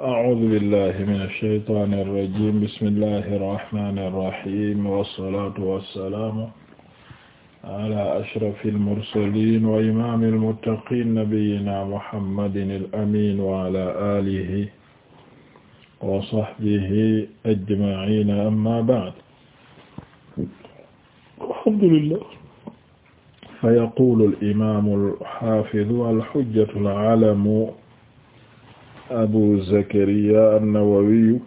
أعوذ بالله من الشيطان الرجيم بسم الله الرحمن الرحيم والصلاة والسلام على أشرف المرسلين وإمام المتقين نبينا محمد الأمين وعلى آله وصحبه أجمعين أما بعد الحمد لله فيقول الإمام الحافظ الحجة العلم abu zakariya annawawiyu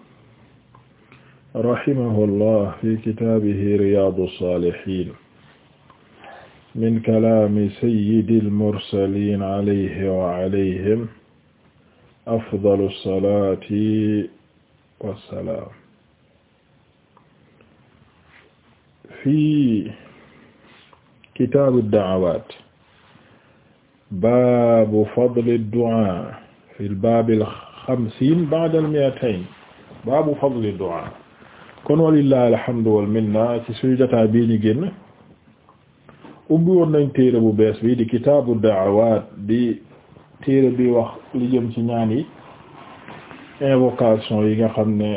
rahimahullah fi kitaabihi riyaadu saalihiin min kalaami sayyidil mursaliin alayhi wa alayhim afdalu salaati wa salaam fi kitaabi da'awaat baabu fadli du'aa fi lbabil xamsiin ba'da al-mi'atayn baabu fadli du'aa kon walillahi alhamdu wal minna ci suñu jotaay bii ñu génn ubbi woon nañ bu bees bi di kitaabu da'awaat di téere bi wax li ci ñaan yi invocation yi nga xam ne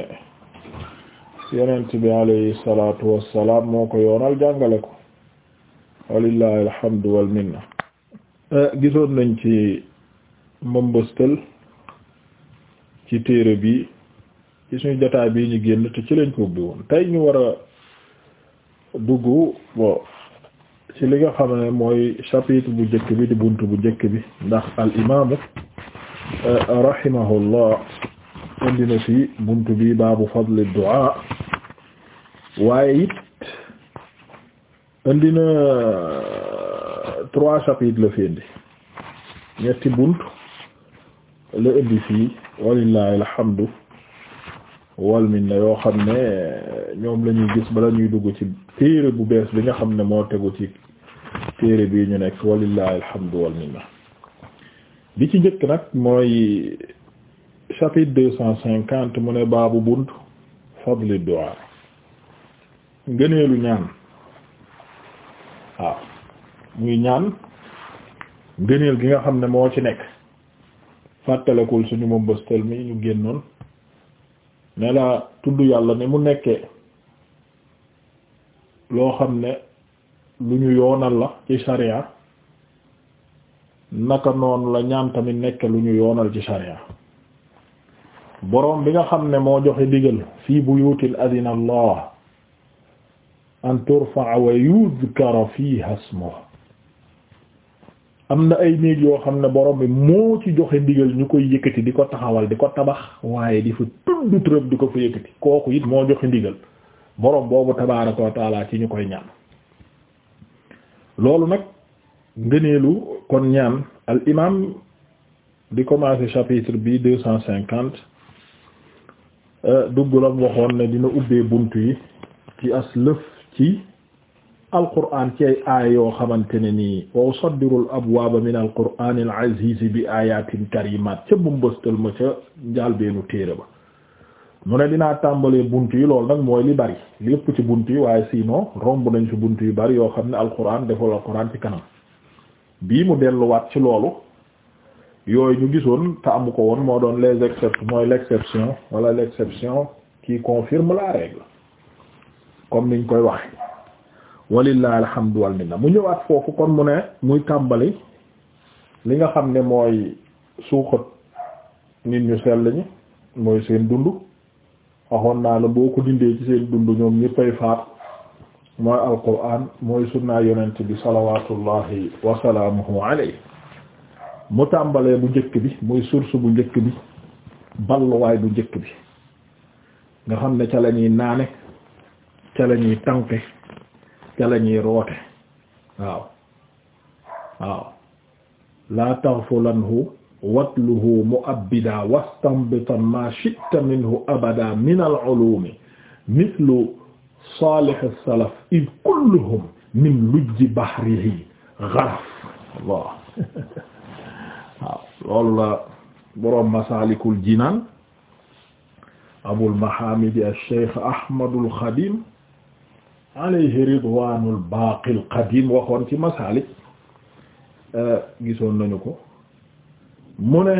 yonent bi alayhi salatu wassalaam moo ko yoonal jàngale ko mbambastal ci téere bi ci suñu jotaay bi ñu génn te ci lañ bi ubbi woon tey ñu war a dugg bo ci li nga xam ne mooy chapitre bu njëkk bi di bunt bu njëkk bi ndax al imaamu euh, rahimahullah indi na fi bunt bi baabu fadli du'a waaye it indi na euh, trois chapitres la fi indi ñetti bunt la indi fii walillahi alhamdu wal minna yoo xam ne ñoom la ñuy gis bala ñuy dugg ci téere bu bees bi nga xam ne moo tegu ci téere bii ñu nekk walillahi alhamdu wal minna bi ci njëkk nag mooy chapitre deux cent cinquante mu ne baabu bunt fadli du'a ngëneelu ñaan waaw muy ñaan ngëneel gi nga xam ne moo ci nekk fàttalekul suñu ma mbëstal mi ñu génnoon ne la tudd yàlla ne mu nekkee loo xam ne lu ñu yoonal la ci sharia naka noon la ñaan mi nekk lu ñu yoonal ci sharia boroom bi nga xam ne moo joxe digal fii buyutin adina allah an turfa'a wa yuzkara fiha ismuhu am na ay néeg yoo xam ne borom bi moo ci joxe ndigal ñu koy yëkkati di ko taxawal di ko tabax waaye di fa tudd tërëb di ko fa yëkkati kooku it moo joxe ndigal borom boobu tabaaraka wa taala ci ñu koy ñaan loolu nag ngëneelu kon ñaan al imam di commencer chapitre bi deux cent cinquante euh, duggulam waxoon ne dina ubbee bunt yi ci as lëf ci alqur'an ci ay aaya yoo xamante ne nii wa usaddiru al abwaaba min al qur'an al aziz bi ayatin karimat ca bumbëstal ma ca njaalbeenu téere ba mu ne dinaa tàmbalee bunt yi loolu nag mooy li bari lépp ci bunt yi waaye sinon romb nañ ci bunt yu bari yoo xam ne alqur'an defal alqur'an ci kanam bii mu delluwaat ci loolu yooyu ñu gisoon te amu ko woon moo doon les exceptions mooy l'exception wala l'exception qui confirme la règle comme niñ koy waxe walillahi alhamdu wal minna mu ñëwaat foofu kon mu ne muy tàmbali li nga xam ne mooy suuxat nit ñu sell ñi mooy seen dund waxoon naa la boo ko dindee ci seen dund ñoom ñëppay faat mooy alquran mooy sunnaa yonent bi salawatullahi wasalaamuhu mu tàmbalee bu njëkk bi muy source bu njëkk bi balluwaay bu njëkk bi nga xam ne ca la ñuy naane ca la ñuy ca la ñuy roote waaw waaw laa taghfulanhu watluhu mu'abbida wastanbitan ma shi'ta minhu abada min al-ulumi mithlu salih as-salaf id kulluhum min lujji bahrihi gharaf Allah waaw loolu la boroom masalikul jinaan abul mahamidi ash-shaykh ahmadul khadim alayhi ridwaanul baaqil qadiim waxoon ci masaalik euh, gisoon nañu ko mu ne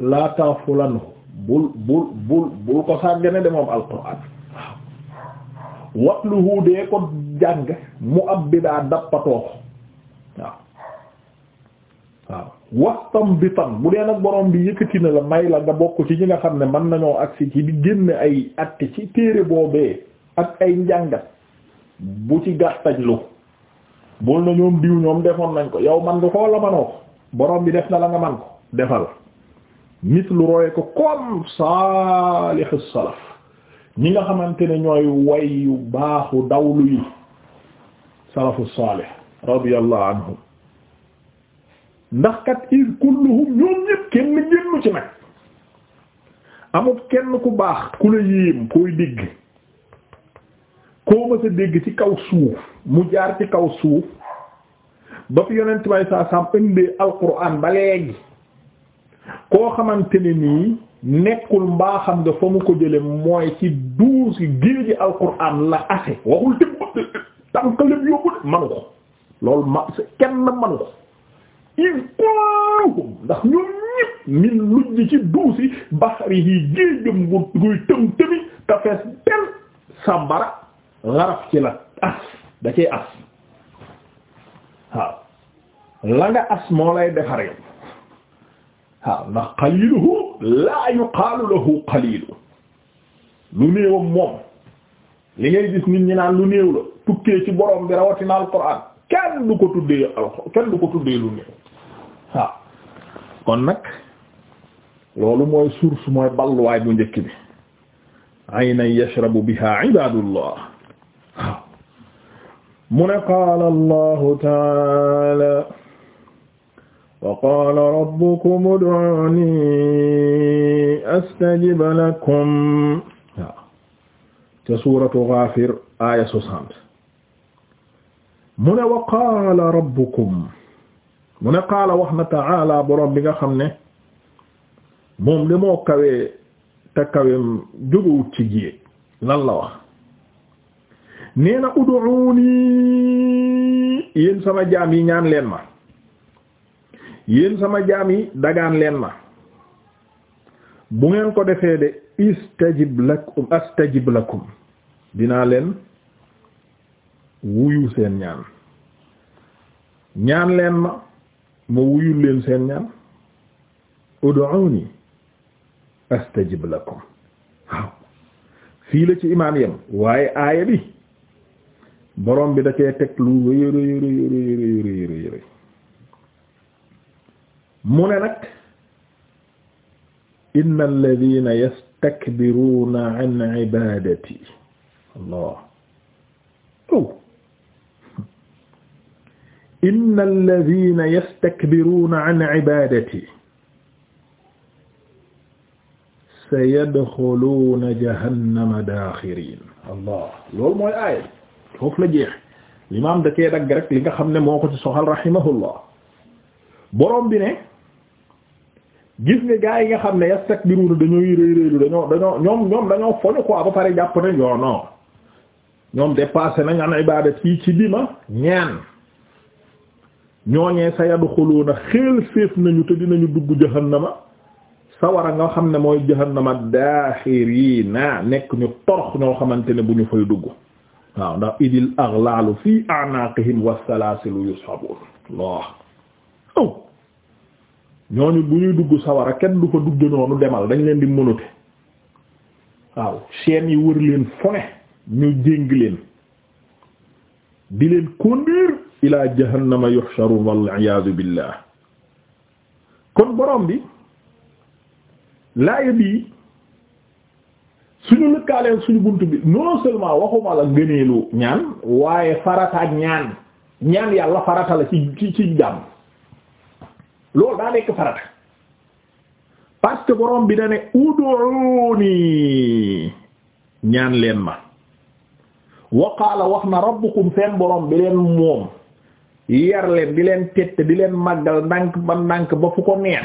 laa taxfulanhu bul bul bul bul ko sàggane de moom alquraan watluhu dee ko jàng mu ab bidaa dappatoo ko waaw waaw wastam bi tan bu dee nag borom bi yëkkati na la may la nga bokk ci ñi nga xam ne mën nañoo agsi ci di génn ay àtte ci téere boobee ak ay njàngat bu ci gàttañ lu bul na ñoom diw ñoom defoon nañ ko yow man nga koo la manoo ko borom bi def na la nga man ko defal nit lu roye ko comme saalihu salaf ñi nga xamante ne ñooy wayu baaxu dawlu yi salafu saalih radiyallahu anhum ndax kat is kulluhum ñoom ñépp kenn génnu ci nag amut kenn ku baax ku la yéem koy digg koo ma dégg ci kaw suuf mu jaar ci kaw suuf ba fi yonent may saa saam indee alquran ba léegi koo xamante ni nii nekkul mbaaxam nga fa mu ko jële mooy ci douze géeji alquran la ase waxul tëb tànkalem yóbbu de manu ko loolu ma kenn manu ko il kulluhum ndax ñoom ñëpp min lujj ci duusi baxari yi géejëm bu guy tëm tëmi te fees del xaraf ci la as da cee as waaw la nga as moo lay defar yow waaw ndax qaliluhu laa yuqaalu lahu qalilu lu néewam moom li ngay gis nit ñi naan lu néew la tukkee ci borom bi rawatina alquran kenn du ko tuddee alquran kenn du ko tuddee lu néew waaw kon nag loolu mooy source mooy balluwaay bu njëkk bi aynan yashrabu biha ibadullah mu ne qaala allahu taala wa qaala rabbukum ud'uuni astajib lakum waaw ca suuratu Gaafir aaya soixante mu ne wa qaala rabbukum mu ne qaala wax na taala boroom bi nga xam ne moom de moo kawee te kaweem jógawut ci jiyee lan la wax nee na ud'uuni yéen sama jaam yi ñaan leen ma yéen sama jaam yi dagaan leen ma bu ngeen ko defee de istajib lakum astajib lakum dinaa leen wuyu seen ñaan ñaan leen ma ma wuyul leen seen ñaan ud'uuni astajib lakum fii la ci imaam yam waaye aaya bi borom bi da cee teg lu rëy rëy rëy rëy rëy rëy mu ne nag inna alladina yastakbiruna an ibadati allah oh inna alladina yastakbiruna an ibadati sayadxuluuna jahannama daaxirin allah loolu mooy aaya foofu la jeexe limaam da cee dagg rek li nga xam ne moo ko ci soxal rahimahullah borom bi ne gis nga gaa yi nga xam ne yastakbiruna dañooy rëy rëylu dañoo dañoo ñoom ñoom dañoo foñu quoi ba pare jàpp ne non non ñoom dépassé nañ an ibadat ci dima ñaan ñooñee sa yadxuluuna séef nañu te dinañu dugg jahannama sawara nga xam ne mooy jahannama daaxiriina nekk ñu torox ñoo xamante ne bu ñu fay dugg waaw ndax idil aghlalu fi a'naqihim wasalaasilu yushabun Allah aw oh. ñooñu bu ñuy dugg sawara kenn du fa dugg noonu demal dañ leen di mënute waaw chaînes yi wër leen fu ne ñu jéng leen di leen conduire ila jahannama yuhsharun wal iyaadu billah kon borom bi laaya bii suñu lëkkaaleen suñu bunt bi non seulement waxuma la gëneelu ñaan waaye farata ak ñaan ñaan yàlla farata la ci ci ci jàmm loolu daa nekk farata parce que borom bi da ne ud'uuni ñaan leen ma wa wax na rabbukum seen borom bi leen moom yar leen di leen tette di leen màggal ndànk ba ndànk ba fu ko neex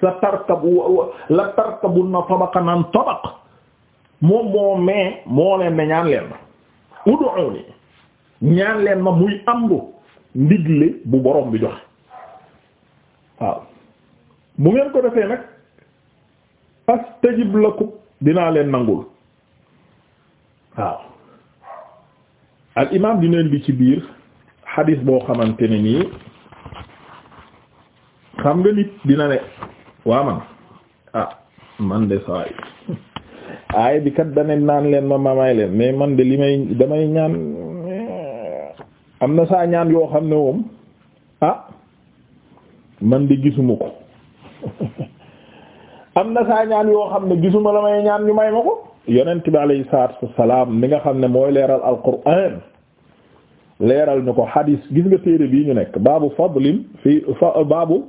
sa tarkabu la tarkabunna tabaqan an tabaq moom moo mee moo leen ne ñaan leen ma ud'uuni ñaan leen ma muy amru ndigle bu borom bi jox waaw bu ngeen ko defee nag astajib lakum dinaa leen nangul waaw al imaam dina indi ci biir xadiis boo xamante ne nii xam nga nit dina ne waa man ah man de saa yi aaya bi kat dane naan leen ma ma may leen mais man de li may damay ñaan am na saa ñaan yoo xam ne moom ah man de gisuma ko am na saa ñaan yoo xam ne gisuma la may ñaan ñu may ma ko yonent bi alayhi salaatu wassalaam mi nga xam ne mooy leeral alquraan leeral ñu ko hadis gis nga téere bii ñu nekk baabu fadlin fi baabu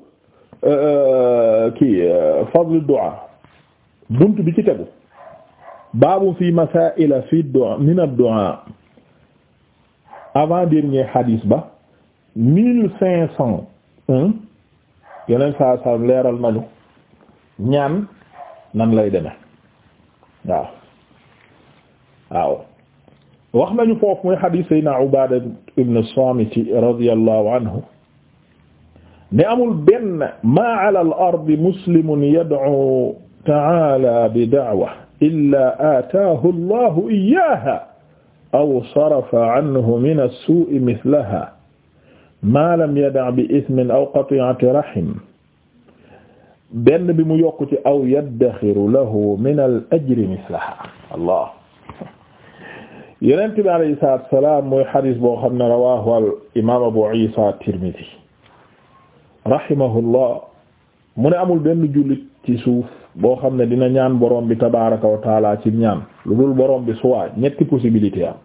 euh, kii euh, fadlu du'a bunt bi ci tegu baabu fi masaila fi du'a min ad-du'a avant dernier hadis ba mille cinq cent un yeneen saa saa leeral nañu ñaan nan lay deme waaw waaw wax nañu foofu muy hadis sayna Ubaada ibn Saamit radiyallahu anhu ne amul benn ma ala al-ardi muslimun yad'u ta'ala bi da'wa illaa aataahu allahu iyaaha aw sarafa anhu min as-suu'i mislaha maa lam yada' bi ismin aw qati'ati rahim benn bi mu yokk ci aw yaddaxiru lahu min al ajri mislaha allah yonent bi alayhi salaatu wa salaam mooy xadis boo xam ne rawaahu al imaam abu isa tirmidi rahimahullah mu ne amul benn jullit ci suuf boo xam ne dina ñaan borom bi tabaaraka wa ci ñaan lu dul borom bi soit ñetti possibilité am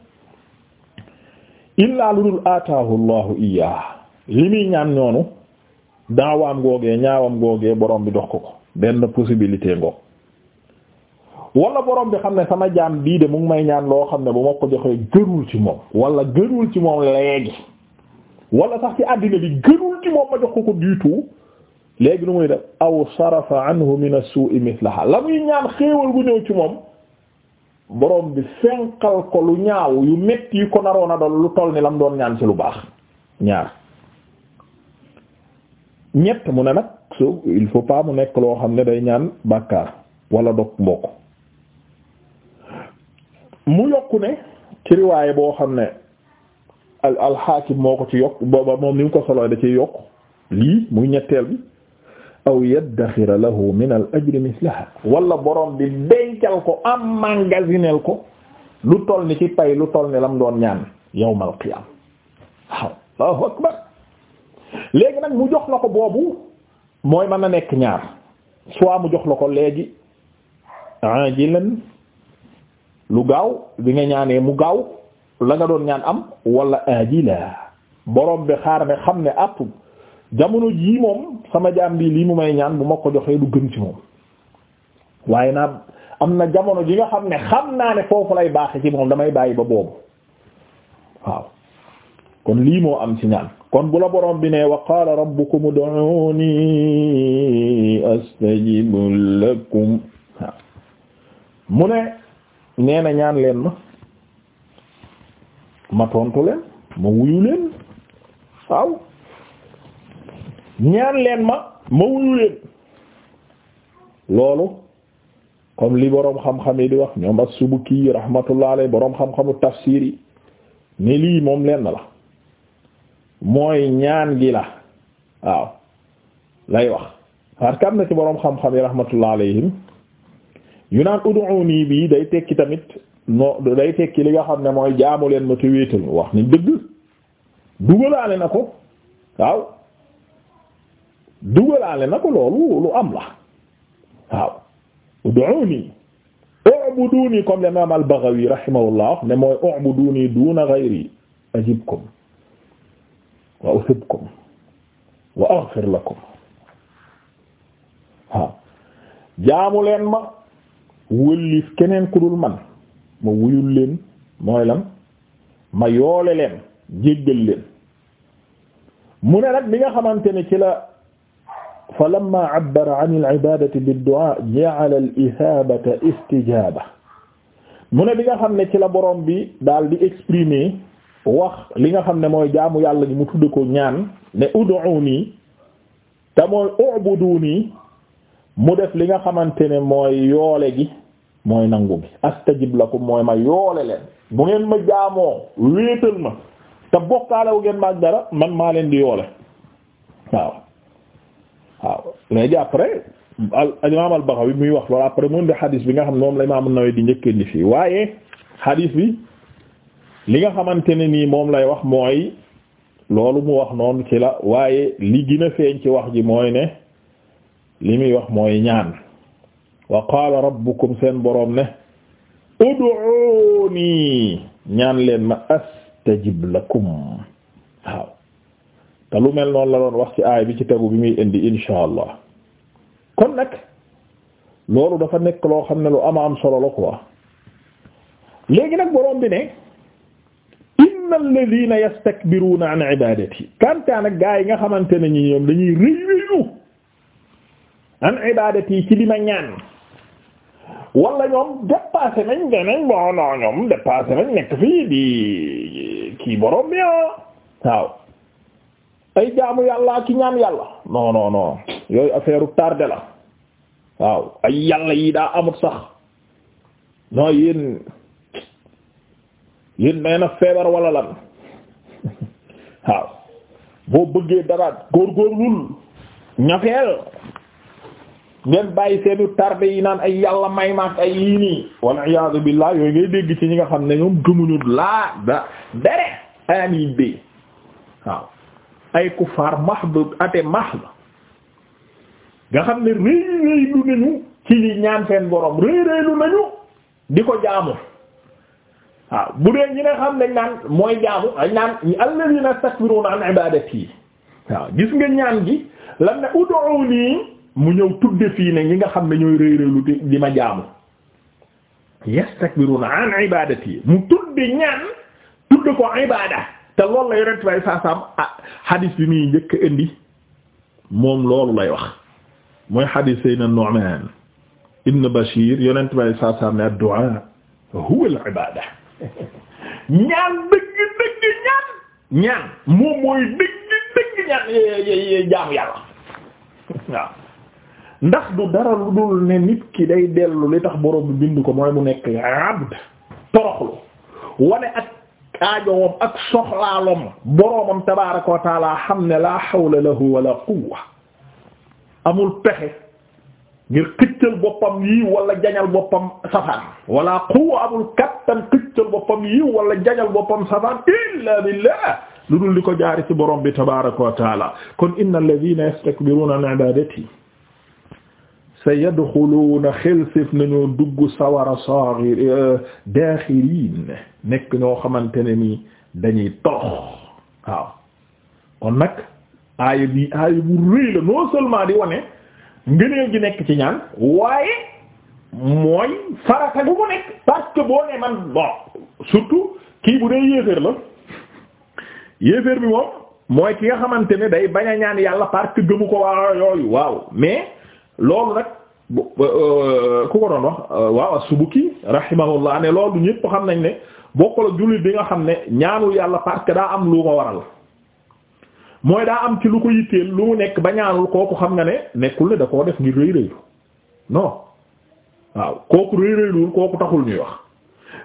illaa lu dul ataahu iyaa li muy ñaan ñoonu daawaam googee ñaawam googee borom bi dox ko ko benn possibilité ngoog wala borom bi xam ne sama jaam bii de mu may ñaan loo xam ne bu ma ko joxee gërul ci moom wala gërul ci moom léegi wala sax ci àddina bi gërul ci moom ma jox ko ko du tout léegi nu muy def aw sarafa anhu min as-su'i mithlaha la muy ñaan xéewal bu ñëw ci moom borom bi fenqal ko lu ñaaw yu metti yu ko naroon a doon lu toll ni lam doon ñaan ci lu baax ñaar ñett mu ne nag su il faut pas mu nekk loo xam ne day ñaan bàkkaar wala dog mbokk mu yokku ne ci boo xam ne al alxaakim moo ko ci yokk booba moom ni mu ko solo da ci yokk lii muy ñetteel bi aw yaddaxira lahu min al ajri mislaha walla borom bi dencal ko am magasinel ko lu toll ni ci pay lu toll ni lam doon ñaan yawmal qiyaam waaw allahu akbar léegi nag mu jox la ko boobu mooy mën na nekk ñaar soo mu jox la ko léegi ajilan lu gaaw bi nga ñaanee mu gaaw la nga doon ñaan am wala ajila borom bi xaar ne xam ne àpp jamono jii moom sama jaam bi lii mu may ñaan bu ma ko joxee du gën ci moom waaye naa am na jamono ji nga xam ne xam naa ne foofu lay baaxe ci moom damay bàyyi ba boobu waaw kon lii moo am ci ñaan kon bu la borom bi ne wa qaala rabbukum ud'uuni astajib lakum waaw mu ne nee na ñaan leen ma ma tontu leen ma wuyu leen waaw ñaan leen ma ma wuyu leen loolu comme li boroom xam-xam yi di wax ñoom as-Subki rahmatullah boroom xam-xamu tafsir yi ne lii moom lenn la mooy ñaan gi la waaw lay wax parce que am na ci boroom xam-xam yi rahmatullah alayhim yu naan ud'uni bii day tekki tamit no day tekki li nga xam ne mooy jaamu leen ma te wéetal wax ni dëgg dugalaale na ko waaw dugalaale na ko loolu lu am la waaw ud'uuni u'buduuni comme l'imam al-Baghawi rahimahullah ne mooy u'buduuni duuna ghayri ajibkum wa uhibkum wa aghfir lakum waaw jaamu leen ma wëllif keneen ku dul man ma wuyul leen mooy lan ma yoole leen jéggal leen mu ne nag bi nga xamante ci la fa lamma abbara an al-ibaadati bid-du'aa ja'ala al-ihaabata istijaaba mu ne bi nga xam ne ci la borom bi daal di exprimer wax li nga xam ne mooy jaamu yàlla gi mu tudd ko ñaan ne ud'uunii te mooy u'buduunii mu def li nga xamante ne mooy yoole gi mooy nangu bi astajib lakum mooy ma yoole leen bu ngeen ma jaamoo wéetal ma te bokkaalewu ngeen ma ak dara man maa leen di yoole waaw waaw léegi après al imaam al-Baghawi muy wax loolu après mu indi hadith bi nga xam ne moom lay imaam an di njëkk indi fii waaye hadith bi li nga xamante ne nii moom lay wax mooy loolu mu wax noonu ci la waaye li gën a feeñ ci wax ji mooy ne li muy wax mooy ñaan wa qaala rabbukum seen boroom ne ud'uuni ñaan leen ma astajib lakum te lu mel noonu la loon wax ci aay bi ci tegu bi muy indi insha allah kon nag loolu dafa nekk loo xam ne lu ama am solo la quoi léegi nag borom bi ne inna alladhina yastakbiruna an ibadati kanta nag gaa yi nga xamante ne ñi ñoom dañuy rëy rëyu an ibadati ci li ma ñaan wala ñoom dépassé nañ denañ bon non ñoom dépassé nañ nekk fii di kii borom bi ah ay jaamu yàlla ki ñaan yàlla non non non yooyu affaire tardé la waaw ay yàlla yi daa amut sax non yéen yéen nee feebar wala lan waaw boo bëggee dara góorgóorlul ñafeel ngeen bàyyi seenu tardé yi naan ay yàlla may maak ay yii nii wal iyaadu billaah yooyu ngay dégg ci ñi nga xam ne ñoom gëmuñu laa da dere amin bi waaw ay kufaar mahd ate mahd nga xam ne rëy rëy lu nañu ci li ñaan seen borom rëy rëy nañu di ko jaamu waaw bu dee ñi nga xam dañ naan mooy jaamu dañ naan alladhina yastakbiruna an ibadati waaw gis nga ñaan gi lan ne ud'uni mu ñëw tudde fii ne ñi nga xam ne ñooy rëy rëy lu di ma jaamu yastakbiruna an ibadati mu tudde ñaan tudde ko ibada te loolu la yonent bay saasaam ah hadith bi muy njëkk indi moom loolu lay wax mooy hadith sayna Nu'man ibn Bashir yonent bay saasaam ne ad-du'a al-ibada ñaan dëgg dëgg ñaan ñaan moom mooy dëgg dëgg ñaan y jaamu yàlla waaw ndax du dara lu dul ne nit ki day dellu li tax borom bi bind ko mooy mu nekk abd toroxlu wane ak aajoowam ak soxlaalom boroomam tabaaraka wa taala xam ne laa hawla lahu wala quwwa amul pexe ngir xëccal boppam yiw wala jañal boppam safaan wala quwwa amul kattan xëccal boppam yiw wala jañal boppam safaan illa billah lu dul di ko jaari ci borom bi tabaaraka wa taala kon inna alladhina yastakbiruna an ibadati sayadxuluuna xelsif nañoo dugg sawara saghir euh, daaxiriin nekk ñoo xamante ne ni dañuy torox waaw kon nag aaya bi aaya bu rëy la non seulement di wane ngëneel gi nekk ci ñaan waaye mooy farata gu mu nekk parce boo ne man bon surtout kii bu dee yéeféer la yéeféer bi moom mooy ki nga xamante ne day bañ a ñaan yàlla parce que ko waa yooyu waaw mais loolu nag euh, ku ko doon wax euh, waaw subuki rahimahullah ne loolu ñëpp xam nañ ne bokkul ak jullit bi nga xam ne ñaanul yàlla parce que daa am lu ko waral mooy daa am ci lu ko yitteel lu mu nekk ba ñaanul kooku xam nga ne nekkul ne da koo def ngir rëy rëylu non waaw kooku rëy rëyluwul kooku taxul ñuy wax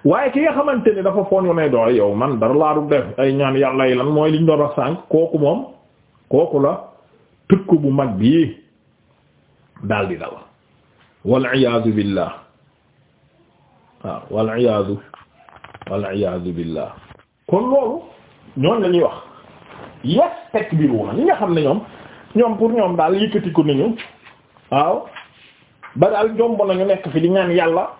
waaye ki nga xamante ni dafa foon ne doo yow man dara laa du def ay ñaan yàlla yi lan mooy liñ doon wax sànq kooku moom kooku la tëkk bu mag bii daal di dal wal iyaadu billah waaw wal iyaadu wal iyaadu billah kon loolu ñoom la ñuy wax yastakbiruuna ñi nga xam ne ñoom ñoom pour ñoom daal yëkkatiku nañu waaw ba daal jomb nañu nekk fi di ñaan yàlla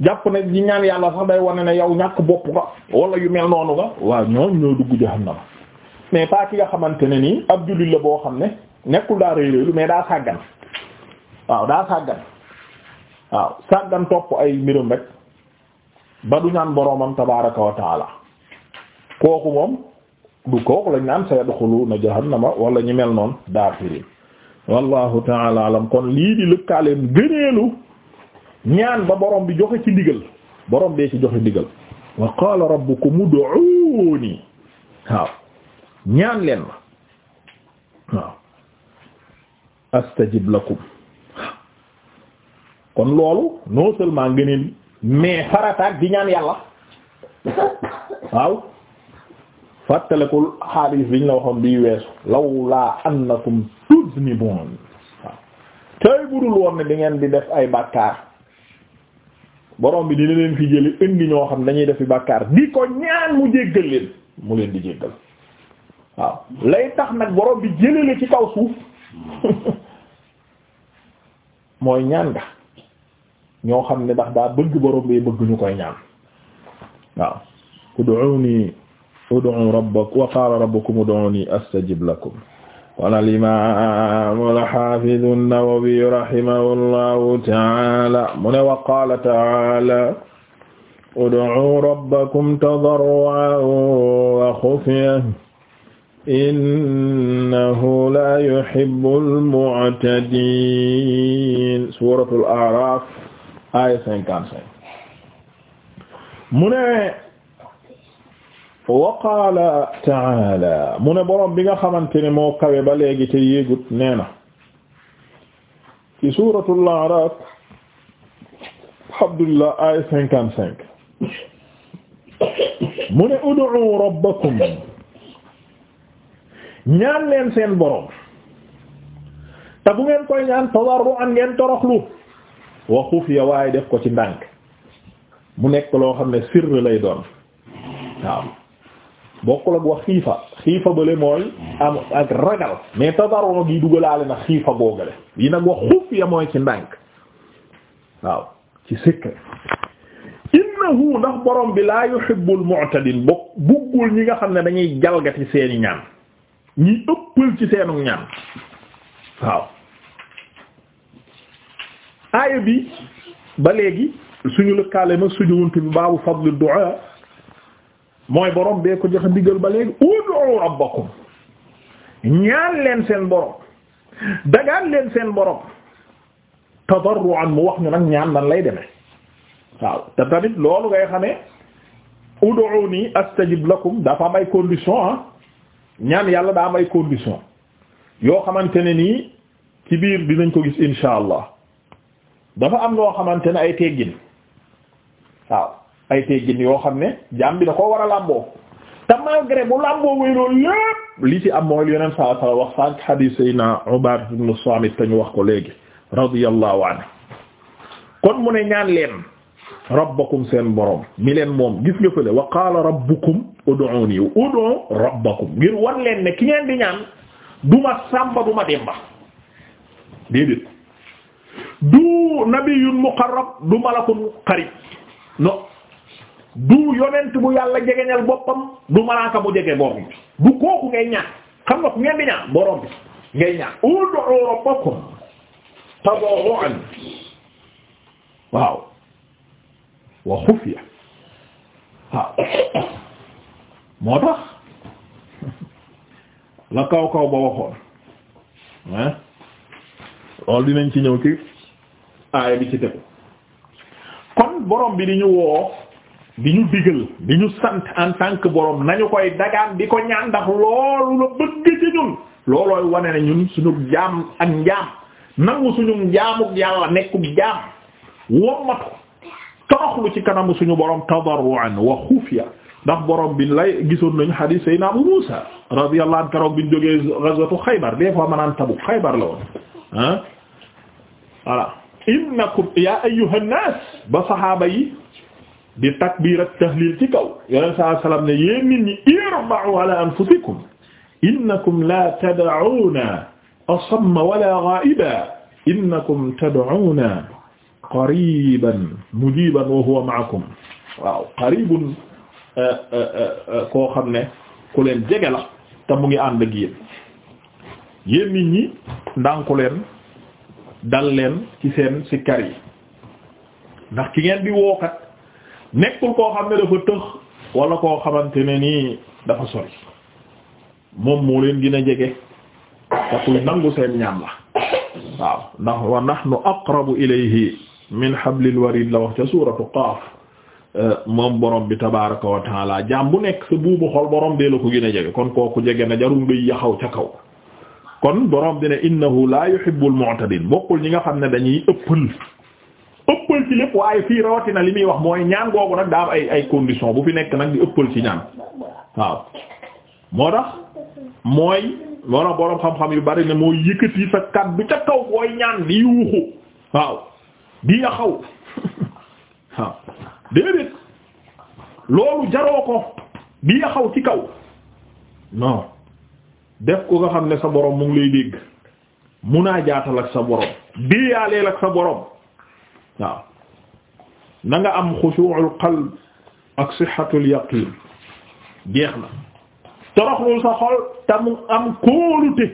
jàpp na di ñaan yàlla sax day wane ne yow ñàkk bopp nga wala yu mel noonu nga waaw ñooñ ñoo dugg jahannama mais pas ki nga xamante ne nii ab jullit la boo xam ne nekkul daa réy réylu mais daa sàggan waaw daa sàggan topp ay mbiram rek ba du ñaan boroomam tabaaraka wa taala kooku moom du kooku lañ naan sayadxuluuna jahannama wala ñi mel noonu daaxirin wallahu taala alam kon lii di lëkkaaleem gëneelu ñaan ba borom bi joxe ci ndigal borom bee ci joxe ndigal wa qaala rabbukum ud'uuni waaw ñaan leen ma waaw astajib lakum kon loolu non seulement ngëneel mais farataak di ñaan yàlla waaw fàttalekul xaalis biñ la waxoon bii weesu lawlaa annakum tuznibun waaw tey budul woon ne di ngeen di def ay bàkkaar boroom bi dina leen fi jëli indi ñoo xam dañuy defi bàkkaar di ko ñaan mu jéggal leen mu leen di jéggal waaw lay tax nag borom bi jëlale ci kaw suuf mooy ñaan nga ñoo xam ne ndax daa bëgg borom bi bëgg ñu koy ñaan waaw ud'uuni ud'u rabbakum wa qaala rabbukum ud'uuni astajib lakum qaala al-imaam al-haafiz an-Nawawi rahimahullahu ta'aala mu ne wa qaala ta'aala ud'u rabbakum tadarru'an wa xufyatan innahu laa yuhibbul mu'tadiin suuratul a'raaf aaya cinquante cinq mu ne wa qaala mu ne boroom bi nga xamante ne moo kawe ba léegi te yéegut nee na ci suuratul A'raaf Abdullah aaya cinquante cinq mu ne ud'u rabbakum ñaan leen seen boroom te bu ngeen koy ñaan tadarru'an ngeen toroxlu wa xufiya waaye def ko ci ndànk mu nekk loo xam ne sirr lay doon waaw bokkul ak wax xiifa xiifa bële mooy am ak ragal mais tadarro gi dugalaale na xiifa googale yi nag wax xufiya mooy ci ndànk waaw ci secret innahu ndax borom bi laa yuhibbul mu'tadin bokk buggul ñi nga xam ne dañuy jalgati seeni ñaan ñi ëppal ci seenu ñaan waaw aaya bi ba léegi suñu lëkkaale ma suñu wunt bi baabu fadlu du'a mooy borom bee ko joxe ndigal ba léegi ud'u rabbakum ñaan leen seen borom dagaan leen seen borom tadarruan mu wax ñu nag ñaan nan lay demee waaw te tamit loolu ngay xamee ud'uni astajib lakum dafa am ay condition ah ñaan yàlla daa am ay condition yoo xamante ne nii ci biir dinañ ko gis insha allah dafa am loo xamante ne ay teggin waaw ay teggin yoo xam ne jaam bi da koo war a làmboo te malgré bu làmboo wéy loolu lépp li ci am mooy yeneen saa saa wax sànq xadiis yi na Ubaad ibn Saamit te ñu wax ko léegi radiyallahu anhu kon mu ne ñaan leen rabbakum seen borom mi leen moom gis nga fële wa qaala rabbukum ud'uuni ud'u rabbakum ngir wan leen ne ki ngeen di ñaan duma sàmba duma demba déedéet du nabiyun muqarrab du malakun qarib no du yonent bu yàlla jegeñal boppam du malaaka bu jege borom bi du kooku ngay ñaan xam nga ngeen di ñaan borom bi ngay ñaan ud'u rabbakum tadarru'an waaw wa xufya waaw moo tax la kaw kaw ba waxoon ah dinañ ci ñëw ci aaya bi ci tegu kon borom bi di ñu woo di ñu digal di ñu sant en tant que borom nañu koy dagaan di ko ñaan ndax loolu la bëgg ci ñun loolooy wane ne ñun suñu jaam ak njaam nangu suñu njaamuk yàlla nekkuk jaam wommatu toroxlu ci kanamu suñu borom tadarruan wa xufiya ndax borom bi lay gisoon nañu xadiis sayna Abu Muusa radiyallahu anhu biñ jógee gazwatu Xaybar des fois ma naan la woon ah innakum yaa ayyuhan naas ba saxaaba yi di takbiir ak tahlil ci kaw yonent saa salaam ne yéen nit ñi irba'u ala anfusikum innakum la tad'una asamma wala gha'iban innakum tad'una qariban mujiban wa huwa ma'akum waaw qaribun eh, eh, eh, koo xam ne ku leen jege la te mu ngi ànd ak yéen yéen nit ñi ndànku leen dal leen ci seen sikkar yi ndax ki ngeen di wookat nekkul koo xam ne dafa tëx wala koo xamante ne nii dafa sori moom moo leen gën a jege te kuy nangu seen ñaan la waaw ndax wa nahnu aqrabu ilayhi min hablil warid la wax ca suuratu qaaf moom borom bi tabaaraka wa taala jaam bu nekk sa buubu xol borom dee la ko gën a jege kon kooku jege na jarul ngay yaxaw ca kaw kon borom bi ne innahu la yuhibbul mu'tadin bokkul ñi nga xam ne dañuy ëppal ëppal ci lépp waaye fii rawatina li muy wax mooy ñaan googu nag daa ay condition bu fi nekk nag di ëppal ci ñaan waaw moo tax mooy boroom xam-xam yu bari ne mooy yëkkati sa kàddu ca kaw booy ñaan di yuuxu waaw di yaxaw waaw déedéet loolu jaroo ko di yaxaw ci kaw non def ko nga xam ne sa borom mu ngi lay dégg munaajaatal ak sa borom déeyaaleel ak sa borom waaw na nga am xushu'ul qalb ak sihhatul yaqin jeex na toroxlul sa xol te mu am kóolute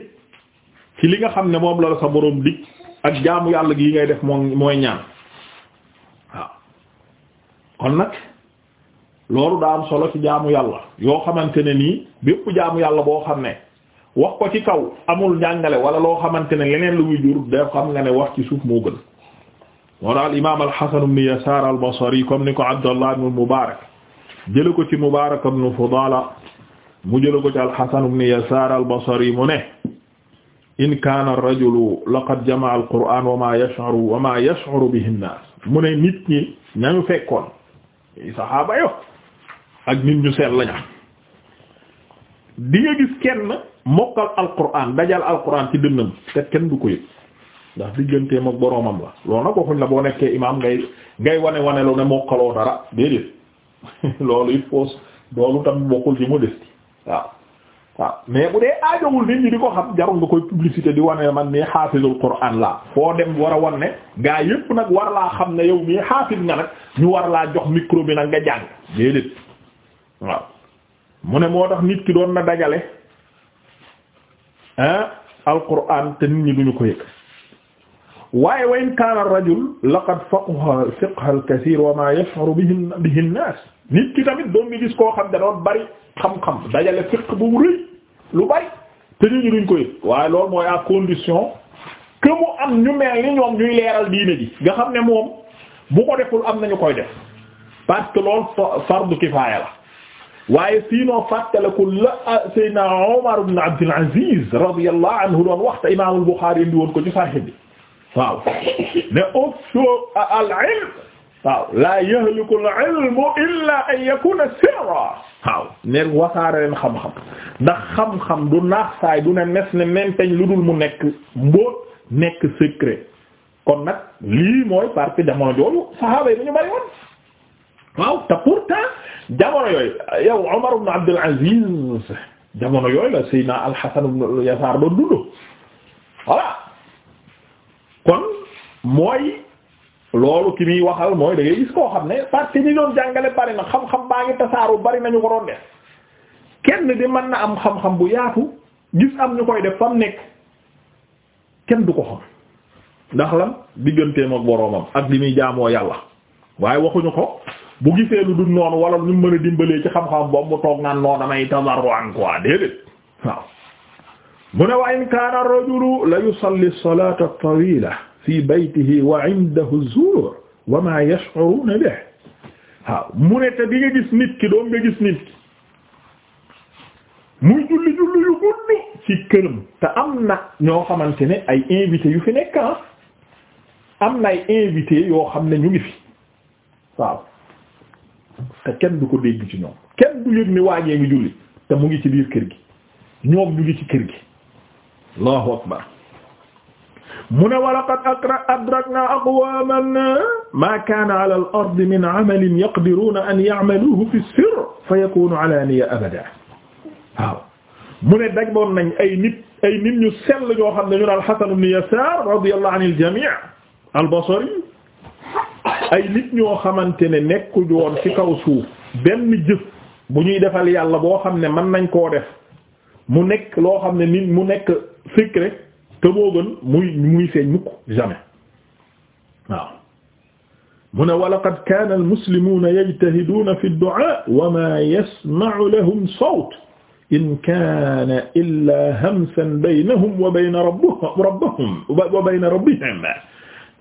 ci li nga xam ne moom la la sa borom dig ak jaamu yàlla gi ngay def moom mooy ñaan waaw kon nag loolu daa am solo ci jaamu yàlla yoo xamante ne nii bépp jaamu yàlla boo xam ne wax ko ci kaw amul njàngale wala loo xamante ne leneen lu muy jur def xam nga ne wax ci suuf moo gën moo daal imaam al-Hasan ibn Yasaar al-Basri comme ni ko Abdallah ibn Mubaarak jële ko ci Mubaarak ibn Fudaala mu jële ko ci al-Hasan ibn Yasaar al-Basri mu ne in kaana ar-rajulu laqad jama'a al-Qur'aan wa maa yash'uru wa maa naas mu ne nit ñi ñañu fekkoon saxaaba yo ak nit ñu seet lañu mokkal alquran dajal alquran ci dënnam te kenn du ko yëg ndax digganteem ak boroomam la loolu nag waxuñ la boo nekkee imaam ngay ngay wane wane lu ne mokkaloo dara déedéet loolu il faut loolu tam bokkul ci modestie waaw waaw mais bu dee aajowul nit ñi di ko xam jarul nga koy publicité di wane man mii xaafizul Qur'an laa foo dem war a wan ne gaa yépp nag war laa xam ne yow mii xaafiz nga nag ñu war laa jox micro bi nag nga jàng déedéet waaw ne moo tax ki doon na dajale Ah, alquran te nit ñi duñu ko yëg waaye wa in kaana ar-rajul laqad faqaha fiqha al-kasiir wa maa yash'uru bihi an-naas nit ki tamit doon ngi gis koo xam da doon bari xam-xam dajale fiqh bu rëy lu bari te nit ñi duñ ko yëg waaye loolu mooy à condition que mu am ñu mel ni ñoom ñuy leeral diine ji nga xam ne moom bu ko deful am nañu koy def parce que loolu fardu kifaaya la waaye siinoo fàttalekul la ah, Seydina Omar ibn Abdul Aziz radiyallahu anhu doon waxta Imaamul Buxaari indi woon ko ci Sahih bi waaw ne ufsu al-ilm waaw laa yahliku al-ilmu illaa an yakuuna sirran waaw ne wasaare leen xam-xam ndax xam-xam du naax saay du ne nes ne menteñ lu dul mu nekk mbóot nekk secret kon nag lii mooy parce que jamono jooju saxaaba yi dañu bari woon waaw te pourtant jamono yooyu yow Umar ibn Abdul Aziz jamono yooyu la Seydina Al-Hasan Yasaar doon dund voilà kon mooy loolu ki muy waxal mooy da gis koo xam ne parce que ñi doon jàngale bari na xam-xam baa ngi tasaaru bari nañu ko doon def kenn di mën na am xam-xam bu yaatu gis am ñu koy def fam nekk kenn du ko xam ndax lan digganteem ak boroomam ak li muy jaamoo yàlla waaye waxuñu ko bu gisee lu dul noonu wala lu mën a dimbalee ci xam-xam boobu mu toog naan noo damay tadarruan quoi déedéet waaw mu ne wa in kaana ar-rajulu la yusalli salata tawila fi baytihi wa indahu zuur wa ma yash'uruna bihi waaw mu ne te di nga gis nit ki doom nga gis nit muy julli julli yu gudd ci këram te am na ñoo xamante ne ay invité yu fi nekk ah. am na ay invité yoo xam ne ñu ngi fi waaw te kenn du ko dégg ci ñoom kenn du yëg ni waajee ngi julli te mu ngi ci biir kër gi ñoom ñu ngi ci kër gi allahu akbar mu ne walaqad adrakna aqwaman ma kaana ala al ard min amalin yaqdiruna an ya'maluhu fi sirr fa yakunu alaniya abada waaw mu ne dajboon nañ ay nit ay nit ñu sell ñoo xam ne ñu naan Hasan ibn Yasar radiyallahu anil jami' al-Basri ay nit ñoo xamante ne nekku woon ci kaw suuf benn jëf bu ñuy defal yàlla boo xam ne mën nañ koo def mu nekk loo xam ne nit mu nekk secret te moo gën muy muy feeñ mukk jamais waaw mu ne wa laqad kaana almuslimuuna yajtahiduuna fi ad-du'aa wa maa yasma'u lahum sawt in kaana illaa hamsan baynahum wa bayna rabbihim wa bayna rabbihim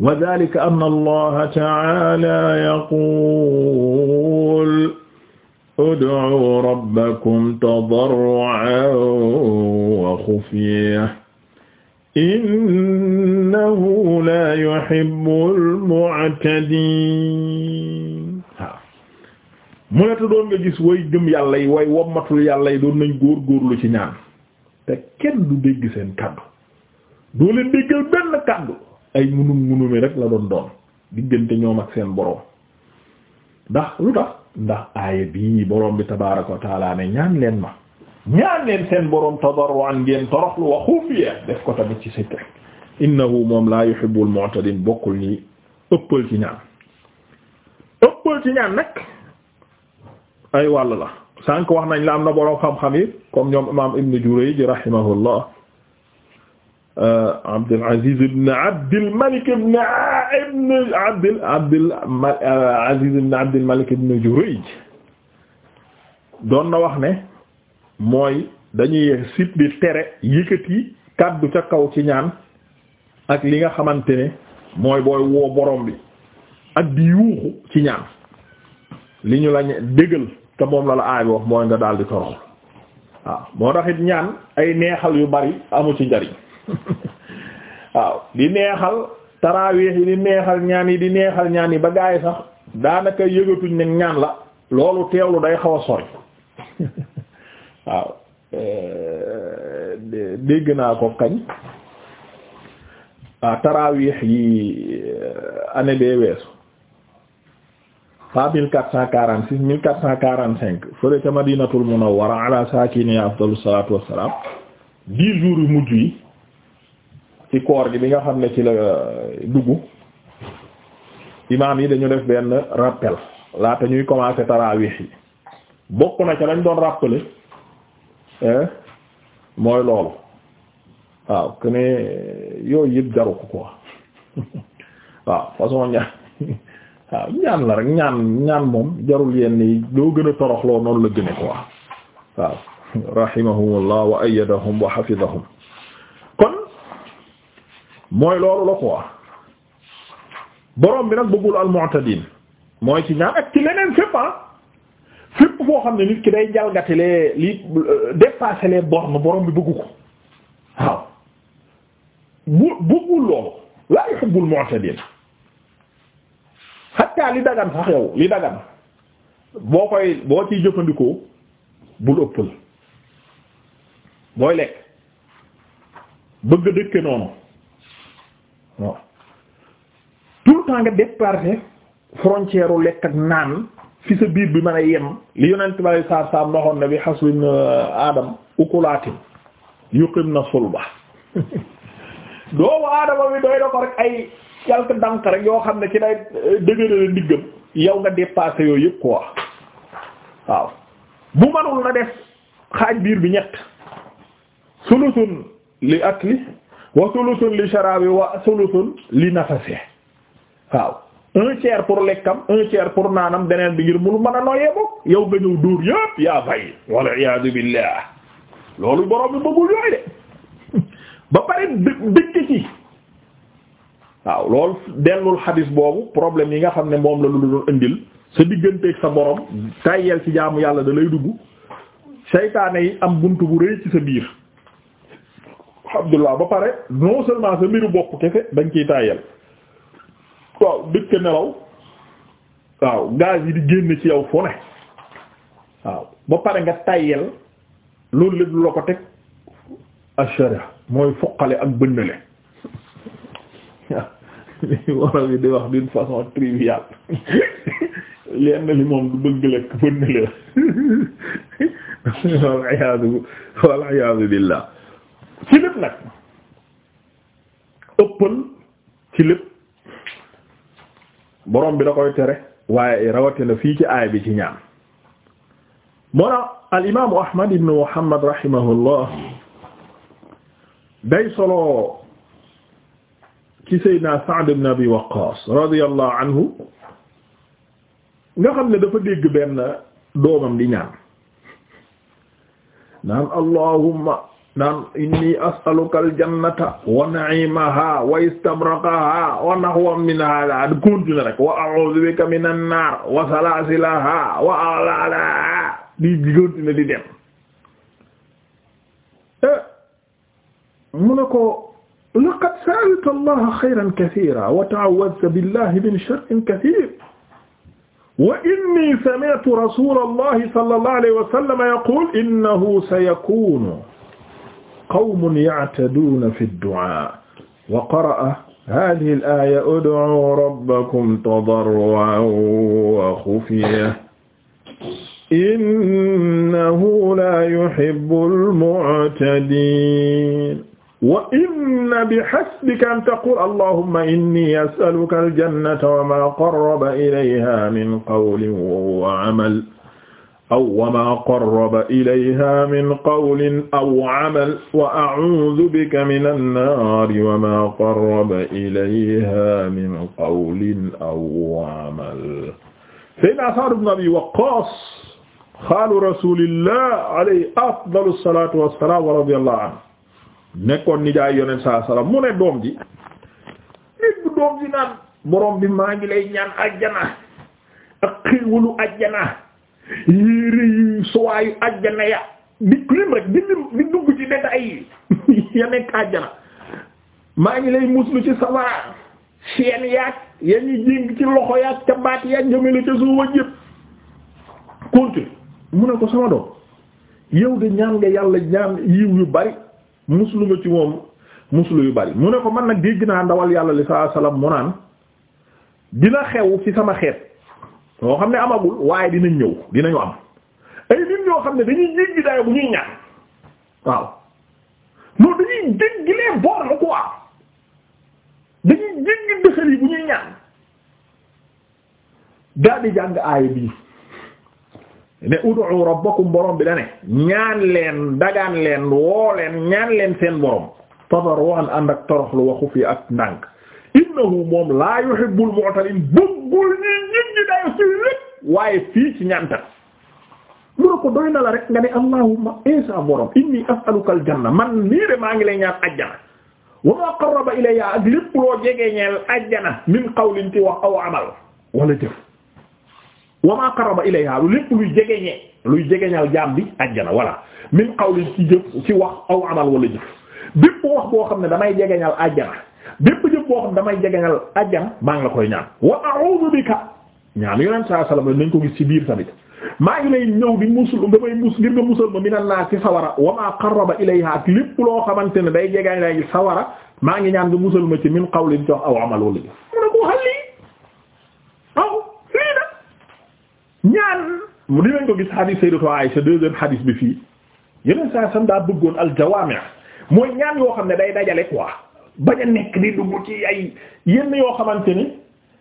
wa dhalika anna allaha ta'ala yaqul ud'u rabbakum tadarru'an wa khufyah innahu la yuhibbul mu'tadin mu ne te doon nga gis way gëm yàlla yi way wommatul yàlla yi doon nañ góor góorlu ci ñaan te kenn du dégg seen kàddu doo leen déggal benn kàddu ay munum munumi rek la doon doon diggante ñoom ak seen boroom ndax lu tax ndax aaya bii boroom bi tabaaraka wa ne ñaan leen ma ñaan leen seen boroom tadarruan ngeen toroxlu wa xuufiya def ko tamit ci secret innahu moom laa yuhibbul mu'tadin bokkul nii ëppal ci ñaan ëppal ci ñaan nag ay wàll la sànq wax nañ la am na boroom xam-xam yi comme ñoom imaam ibn Jurayj rahimahullah Euh, Abdul Aziz ibn Abdul Malik ibn Abdul Abdul euh, Abdul Malik ibn Jurayj doon na wax ne mooy dañuy sit di tere yëkkati kàddu ca kaw ci ñaan ak li nga xamante ne mooy booy woo borom bi ak di yuuxu ci ñaan li ñu la dëggal te moom la la aay bi wax mooy nga daal di torox waaw taxit ñaan ay neexal yu bari amu ci njariñ waaw di neexal taraawiix yi di neexal ñaan yi di neexal ñaan yi ba gaa yi sax daanaka yëgatuñ ne ñaan la loolu teewlu day xaw a sori waaw eh, dégg naa ko kañ ah taraawiix yi eh, année bee weesu pas mille quatre cent quarante six mille quatre cent quarante cinq fële ca madinatul munawwara ala saakini afdalu salaatu wassalaam dix jours yu mujj yi ci koor gi bi nga xam ne ci la euh, dugg imaam yi dañu def benn rappel laata ñuy commencer taraawix yi bokk na ca lañ doon rappeler mooy loolu waaw que yooyu yëpp jaru ko quoi waaw façon ñaan waaw ñaan la rek ñaan ñaan moom jarul yenn yi loo gën a toroxloo noonu la gëne quoi waaw rahimahumullah wa ayyadahum wa hafizahum mooy loolu la quoi borom bi nag bëggul al-mu'tadin mooy ci ñaar ak ci leneen fépp ah foo xam ne nit ki day jalgati les li euh, dépasser les bornes bi bëggu ko waaw bu bëggul loolu la yuhibbul mu'tadin hatta li dagan sax yow li dagan boo koy boo ciy jëfandikoo bul ëppal booy lekk bëgg dëkke noonu non tout le temps nga dépassé frontière u lekk ak naan fi sa biir bi mën a yem li yonent balay saar saam noxoon na bi xaslin adam ukulaatin yuqim na sulba doomu aadama bi doy na ko rek ay quelque dank rek yoo xam ne ci day euh, dëgërale ndiggam yow nga dépassé yooyu yëpp quoi waaw bu manul na def xaaj biir bi ñett sulusun li akli wa sulusun li sharabi wa sulusun li nafasi waaw un tiers pour lekkam un tiers pour naanam beneen bi ngir munu mën a noyee bopp yow nga ñëw dóor yëpp yaa fay wal iyaadu billah loolu borom bi bëggul yooyu de ba pare dëkk ci waaw loolu dellul xadis boobu problème yi nga xam ne moom la lu doon indil sa digganteeg sa borom tayyeel ci jaamu yàlla dalay lay seytaane yi am bunt bu rëy ci sa biir Abdullah ba pare non seulement sa mbiru bopp kese dañ ciy tàyyel waaw dëkk nelaw waaw gaz yi di génn ci yow fu ne waaw ba pare nga tàyyel loolu lépp lu la ko teg ashara mooy foqale ak bënnale li di wax d'une façon triviale lenn li moom du bëgg lekk bënnale la wal iyaadu wal iyaadu billah ci lépp nag ëppal ci lépp borom bi la koy tere waaye rawatina fii ci aay bi ci ñaan moo na al imaamu ahmad ibnu muhammad rahimahullah day solo ci sayyidina Sa'd ibn Abi Waqqas radiyallahu anhu nga xam ni dafa dégg benn doomam di ñaan naan allahumma naan inni as'aluka aljannata wa na'imaha wa istabraqaha wa nahwa min hada di continuer rek wa a'udhu bika minan nar wa salasilaha wa aghlaalaha di continuer di dem eh, mu ne ko laqad sa'alta allaha khayran kathira wa ta'awwadhta billahi min sharrin kathir wa inni sami'tu rasulallahi sallallahu alayhi wa sallam yaqul innahu sayakunu qawmun ya'taduuna fi du'aa wa qara'a haadihi al-aaya ud'uu rabbakum tadarru'an wa xufyatan innahu laa yuhibbul mu'tadiin wa inna bihasbika an taqula allahumma inni as'aluka al-jannata wa maa qarraba ilayhaa min qawlin wa 'amal aw wama qarraba ilayha min qawlin aw amal wa a'uudu bika mina nnaari wama qarraba ilayha min qawlin aw amal. Sayyidunaa Sa'd ibn Abi Waqqaas xaalu rasuulillah alayhi afdalu salaatu wa salaam wa radiyallahu anhu nekkoon nijaay Yonent saa salaam mu ne doom ji. nit bu doom ji naan borom bi maa ngi lay ñaan àjjana ak xéewalu àjjana. yére yu suwaayu ajjana ya di lim rek di dugg ci détail yi ya nekk ajjana maa ngi lay muslu ci sawara seen yaag ya ñu jéng ci loxo yaag ca baat yaag jëmale ca suufa jëpp continue mu ne ko sama doom yow de ñaan nga yàlla ñaan yiw yu bari muslu nga ci moom muslu yu bari mu ne ko man nag dégg naa ndawal yàlla li saa salaam mu naan dina xew ci sama xeet moo xam ne amagul waaye dinañ ñëw dinañu am ay nit ñoo xam ne dañuy jéggi daay bu ñuy ñaan waaw non dañuy jéggi les bornes quoi dañuy jéggi dëxal yi bu ñuy ñaan gaa jàng aaya bii ne ud'u rabbakum borom bi da ne ñaan leen dagaan leen woo leen ñaan leen seen borom tadarru'an ànd ak toroxlu waxu fi ak ndànk innahu moom la yuhibbul mu'talin bëggul ñi dayoo ci waaye fii ci ñanta lu na ko doy na la rek nga ne allahumma insa eh, borom inni as'aluka aljanna man nii de maa ngi lay ñaan ajjana wa ma qarraba ilayya ak lépp loo jege ajjana min qawlin ci wax aw amal wala jëf wa ma qarraba ilayya lu luy jege ñee jaam bi ajjana voilà min qawlin ci jëf ci wax aw amal wala jëf bépp wax boo xam ne damay jegeñal ajjana bépp jëf boo xam damay jegeñal ajjana maa ngi la koy ñaan wa a'udhu ñaan yonent saa sallam nañ ko gis ci biir tamit maa ngi lay ñëw di musul damay mus ngir nga musal ma minan naa ci sawara wa maa qarraba ilayha ak xamante ne day jegañ sawara maa ngi ñaan nga musal ma ci min qawlin jox aw amal wala jëf mu ne ko waxal aw lii nag ñaan dinañ ko gis hadith sayyidatu Aisha deuxième hadith bi fii yeneen saa sam daa bëggoon al jawaami' mooy ñaan yoo xam ne day dajale quoi bañ a nekk di dugg ci ay yenn yoo xamante ni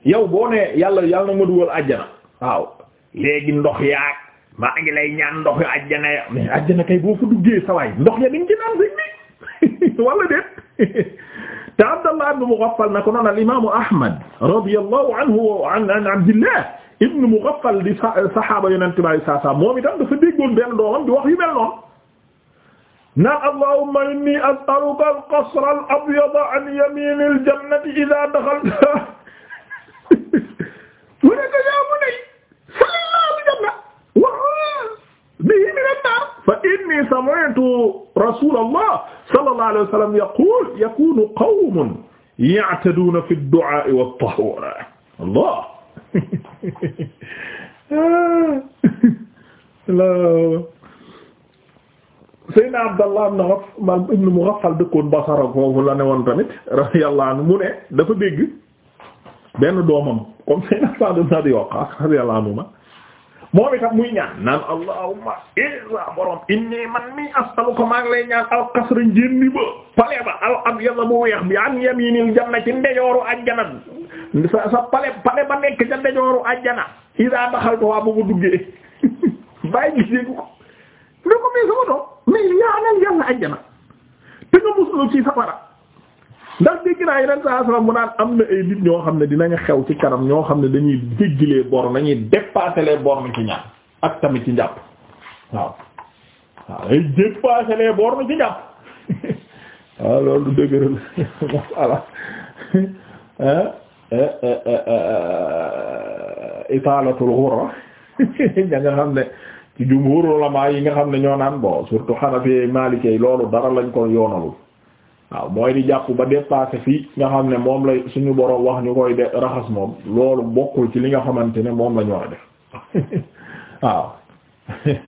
yow boo nee yàlla yàlla na ma dugal àjjana waaw léegi ndox yaag maa ngi lay ñaan ndox yu àjjana ya mais àjjana kay boo fa duggee sawaay ndox ya niñ ci naan siñ bi wala déet te Abdallah ibn Mughaffal na ko noon al imaamu Ahmad radiyallahu anhu an an Abdillah ibn Mughaffal di saxaaba yonent bi saa saa moom itam dafa déggoon benn doomam di wax yu mel noonu naan allahumma inni as'aluka al-qasra al-abyada an yamini al-jannati idha daxalta mu ne ko yaa mu ne sallallahu alayhi wa sallam waxoon bihi min an-naar fa inni sami'tu rasulallah sallallahu alayhi wa sallam yaqul yakunu qawmun ya'taduuna fi ad-du'aa wat-tahuur Allah la Seydina Abdallah ibn Mughaffal dëkkoon Basra foofu la ne woon tamit radiyallahu anhu mu ne dafa dégg benn doomam comme Seydina Sa'd ibn Abi Waqqas radiyallahu anhu moom itam muy ñaan naan allahumma inni man mi as'aluka maa ngi lay ñaan al qasra njénni ba pale ba al abyad bu weex bi an yaminil janna ci ndejooru ajjana sa sa pale pale ba nekk ca ndejooru ajjana isa daxaltuwaa bu mu duggee bàyyi gisee ko ne ko mais sama doom mais ajjana te nga musulu safara ndax dégg naa yeneen saa salaam mu naan am na ay nit ñoo xam ne dinañ xew ci kanam ñoo xam ne dañuy jéggilee bor nañuy dépasser les bornes ci ñaan ak tamit ci njàpp waaw waaw ay dépasser les bornes ci njàpp waaw loolu dëgëral masala eh, eh, eh, italatul ghurra ña nga xam ne ci jumhur ulama yi nga xam ne ñoo naan bon surtout Hanafi Maliki loolu dara lañ ko yoonalul waaw mooy di jàpp ba dépassé fii nga xam ne moom la suñu boroom wax ñu koy de raxas moom loolu bokkul ci li nga xamante ne moom la ñu war def waaw